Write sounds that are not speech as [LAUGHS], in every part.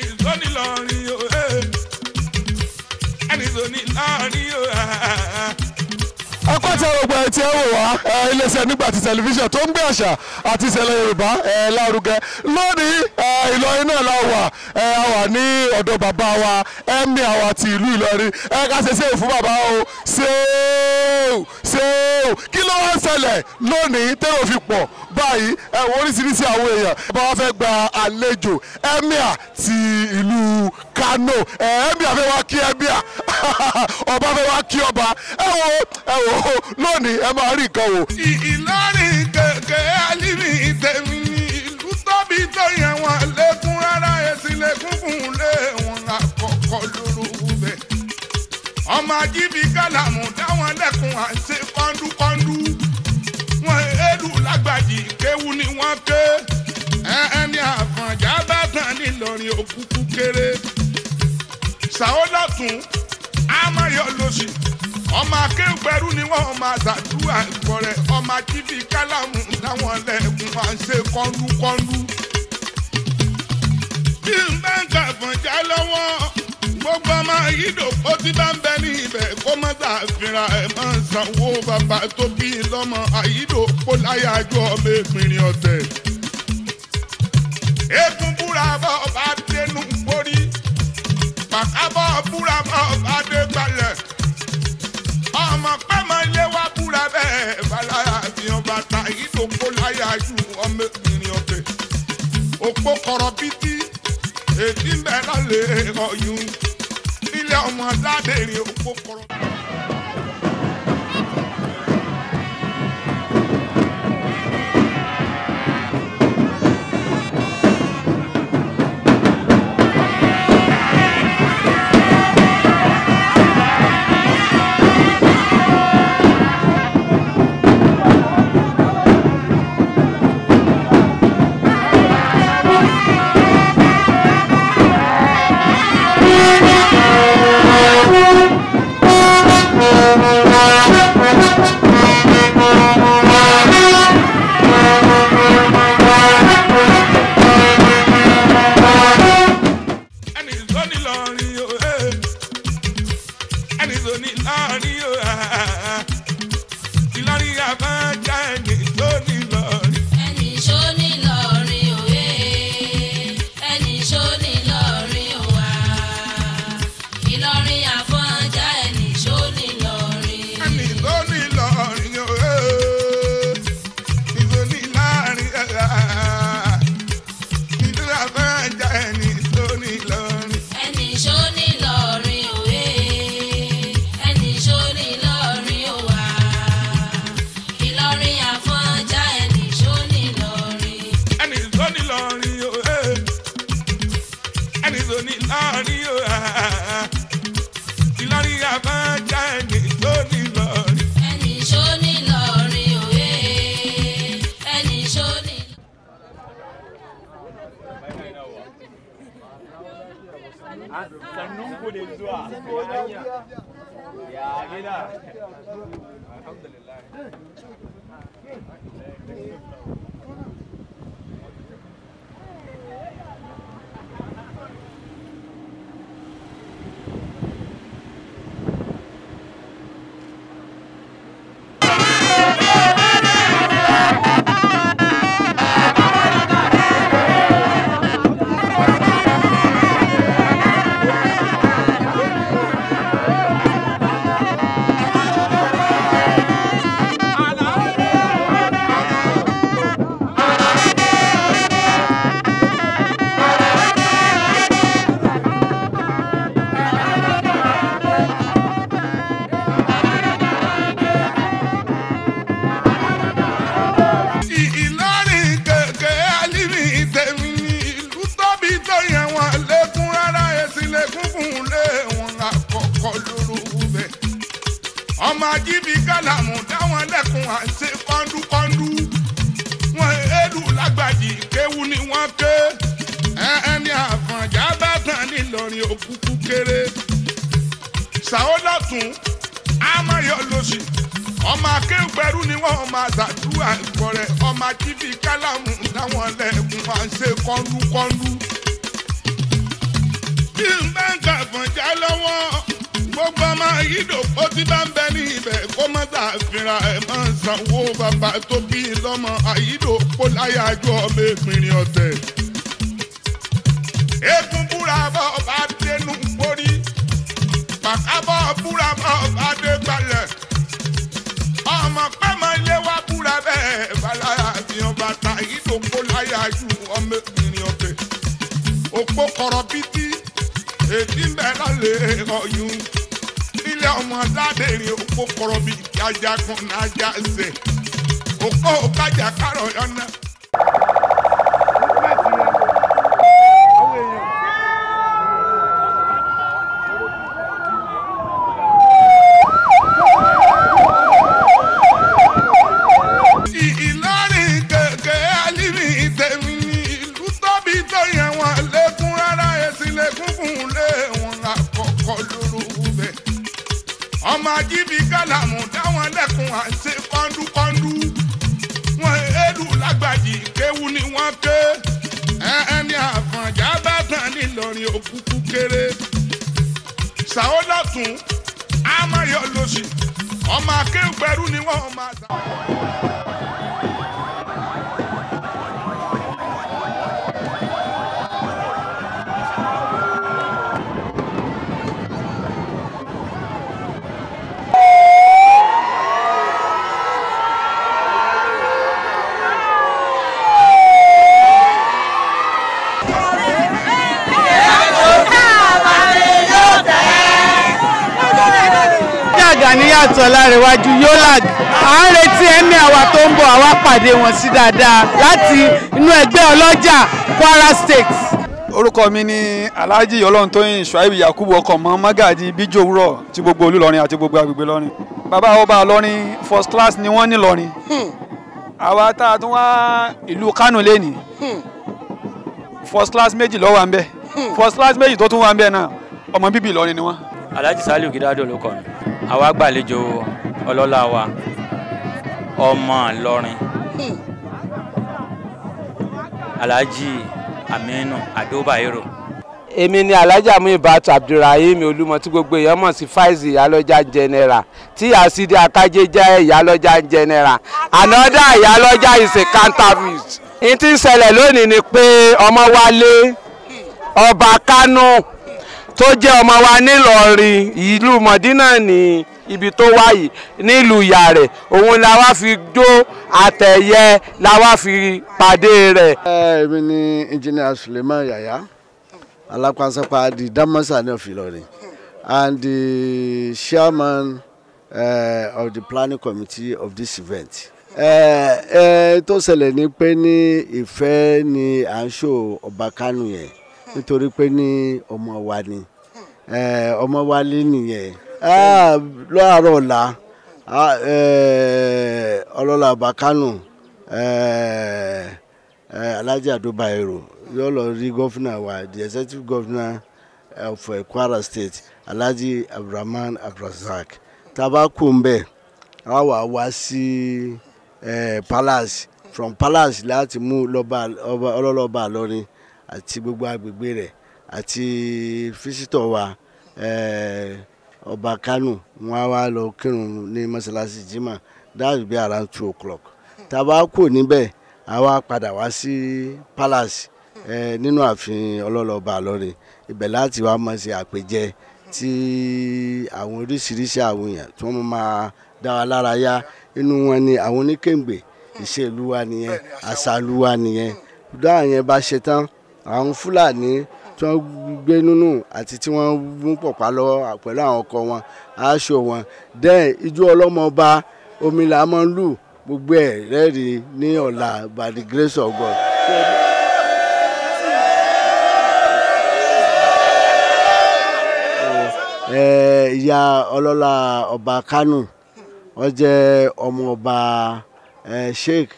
ẹni tó ní lọ́rin o eh. ẹni tó ní lọ́rin o. Eh tí a gbogbo ẹ tí ẹ wò wá iléeṣẹ́ nígbàtí tẹlifíṣàn tó ń gbé àṣà àti ìṣẹ̀lẹ̀ Yorùbá lárugẹ lónìí Ìlọrin náà la wà a wà ní ọ̀dọ̀ bàbá wa ẹ̀mí àwa ti ìlú Ìlọrin ẹ ká ṣe sẹ́yìn fún bàbá o ṣéèw ṣéèw kí ló wá ń ṣẹlẹ̀ lónìí tẹ́lẹ̀ òfin pọ̀ báyìí ẹ̀wọ̀n oríṣiríṣi àwọn èèyàn bá wá fẹ́ gba àlejò ẹ̀mí à ti ìlú kano eh, ẹ̀ẹ́mì àfẹ́ wá kí ẹ bíà [LAUGHS] ọba fẹ́ wá kí ọba ẹ wo ẹ wo lónìí ẹ máa rí nǹkan wò. ìlọrin kẹ̀kẹ́ alimi tèmi ìlú tóbi tó yẹ wọn lẹ́kún rárá ẹ̀sìn lẹ́kún fún un lé wọn àkọ́kọ́ lórúkú bẹ́ẹ̀. ọmọ ajíbi kálàmù dáwọn lẹ́kùn à kọ́ńdúkọ́ńdú wọn èlù lágbàdì kéwu ni wọ́n ké ẹni àfọ̀njá bá tán nílọrin òkúkú kéré ṣàó lọ́tún ama má yọ lọ́sì ọmọ akéwùgbẹ́rú ni wọ́n máa ṣàdúrà ìkọrẹ ọmọ ajíbi kálámù táwọn lẹ́kùn máa ń ṣe kọ́ńdúkọ́ńdú. bí n bá ń kà fọ̀njá lọ́wọ́ gbogbo ọmọ yídò kó ti bá ń bẹ ní ibẹ̀ kó má ṣàfihàn ẹ̀ máa ń sanwó bàbá tó bí lọ́mọ àyídò kó láyàjọ́ ọmọ ọ̀tẹ̀. eégún búra bọ́ ọ àsábọ̀ búra mọ́ adégbàlẹ̀ ọmọ pẹ́ mọ ilé wa búra bẹ́ẹ̀ balaya fihàn bàtà ìdòkó láyà ju ọmọ ìrìn ọ̀bẹ òpó kọ̀rọ̀ bítí èdè ń bẹ lálẹ́ ọ̀yún ilé ọmọ dáadé rìn òpó kọ̀rọ̀. Ya gida. Alhamdulillah. sálàmù dáwọn lẹ́kùn à ń ṣe kọ́ńdúkọ́ńdú wọn èlù lágbàdì kéwu ni wọ́n ké ẹni àfọ̀njá bá tàn nílọrin òkúkú kéré sàólọ́tún amáyọ̀lọ́sì ọmọ akéwùgbẹ́rú ni wọ́n máa ṣàdúrà ìkọrẹ ọmọ ajíbi kálámù dáwọn lẹ́kùn à ń ìdò ó ti bá ń bẹ ní ibẹ̀ kó má gbà fínra ẹ̀ máa ń sanwó bàbá tó bí lọ́mọ àyídò kó láyà ju ọmọ ìpínlẹ̀ ọ̀tẹ̀. eégún búra bọ́ ọba dénú borí pàkábọ̀ búra bọ́ ọba dé gbalẹ̀ ọmọ pẹ́mọ ilé wa búra bẹ́ẹ̀ balaya fi hàn bàtà àyídò kó láyà ọmọ ìpínlẹ̀ ọ̀tẹ̀. òpó kọ̀rọ̀ bíi ti èdè ń lálẹ́ ọ̀yún ajá ọmọ aládèrè òkú kọrọ bíi kí ajá kún náà ajá ẹsẹ̀ òkó òkájà kárọ̀ yọ̀nà. máa jí bí gálàmù dáwọn lẹ́kùn à ń ṣe kọ́ńdúkọ́ńdú. wọ́n èlù lágbàdì kéwu ni wọ́n ké. ẹni àfọ̀njá bá tàn nílọrin òkúkú kéré. sàólọ́tún amáyọ̀ lọ́sì ọmọ akéwù pẹ̀lú ni wọ́n máa ṣàníyàtọ̀ lárẹ̀wájú yolag à ń retí ẹ̀mí àwa tó ń bọ̀ àwa pàdé wọn sí dáadáa láti inú ẹgbẹ́ ọlọ́jà Kwara State. orúkọ mi ni Alhaji Ọlọ́runtóyìn Shuaib Yakubu ọkọ̀ mọ́ Magaji bíjò òwúrọ̀ ti gbogbo Olúlọrin àti gbogbo agbègbè lọ́rin bàbá ọba lọ́rin first class ni wọ́n ní lọ́rin hmm. àwa tá a tún wá ìlú Kánò lẹ́nìí hmm. first class méjì ló wà ń bẹ̀ hmm. first class méjì tó tún wà ń bẹ̀ náà ọmọ bíbí Ìlọrin ni wọ́n. Alhaji Saliu Gidado ló kọ́ mi àwa gbàlejò ọlọ́lá wa ọmọ ìlọrin hmm. alhaji aminu adobayero. èmi ni alhaji amuyibat abdulrahim olúmọ tí gbogbo èèyàn mọ̀ sí faizi ìyálọ́jà general tí asidi akaje jẹ́ ìyálọ́jà general anoda ìyálọ́jà is a counterfeit. n ti ń ṣẹlẹ̀ lónìí ni pé ọmọ wálé ọba kánú tó jẹ́ ọmọ wa nílọrin ìlú mọ̀dínà ní ibi tó wáyé nílùú ìyá òun la wá fi jó àtẹ̀yẹ la wá fi pàdé rẹ̀. èmi ni engineer Suleiman Yaya alakwasapa di damasani of Ilorin and the chairman uh, of the planning committee of this event. tó ṣẹlẹ̀ ni pé ní ìfẹ́ ni à ń ṣò ọba kánú yẹn nítorí pé ní ọmọ wa ni ọmọ wa lé nìyẹn láàárọ̀ ọ̀la ọlọ́lá bàkánù alájà tó èrò yóò lọ rí gọ́fìnà wa the executive governor of Kwara state alhaji abdulrahman abdulrasaq Taba mbẹ a wà wá sí palace from palace láti mú ọlọ́lọ́ba lọ́rin àti gbogbo agbègbè rẹ̀ àti físítọ̀ wa eh, ọba Kánò wọn á wá lọ kírun ní mọ́ṣáláṣí jimá dáàbò bí around two o'clock tá a bá kù níbẹ̀ a wá padà wá sí palace eh, nínú ààfin ọlọ́lọ́ba àlọ́rin ibẹ̀ láti wá máa ṣe àpèjẹ tí àwọn oríṣiríṣi àwọn èèyàn tí wọ́n máa dá wa lára yá inú wọn ni àwọn oníkèǹgbè ìṣèlú wa nìyẹn àṣàlú wa nìyẹn dáhà yẹn bá ṣe tán àwọn fúlàní tí wọ́n gbé nínú àti tí wọ́n mú pọ̀pá lọ́wọ́ pẹ̀lú àwọn ọkọ wọn aṣọ wọn dẹ́n ijó ọlọ́mọba omi là máa ń lù gbogbo ẹ̀ rẹ́rìí ní ọ̀la by the grace of God. ìyá ọlọ́lá ọba Kánò wọ́n jẹ́ ọmọ ọba sheikh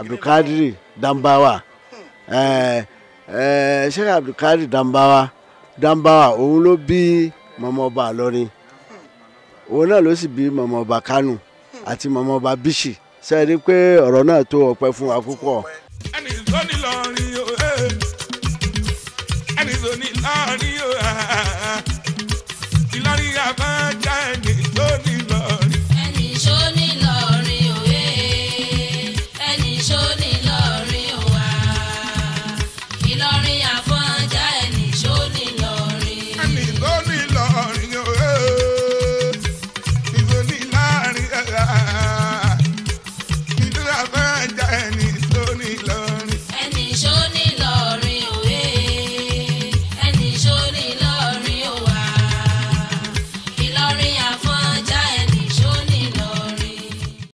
abdulkadir Dambawa. Eh, eh, sheikh abdulkadir dambawa dambawa òun ló bí mọmọ ọba àlọrin òun náà ló sì bí mọmọ ọba àti mọmọ ọba bíṣì pé ọ̀rọ̀ náà tó ọpẹ́ fún wa púpọ̀. ẹni tó ní lọ́rin o eh. ẹni tó ní lọ́rin o. Ah, ah, ah.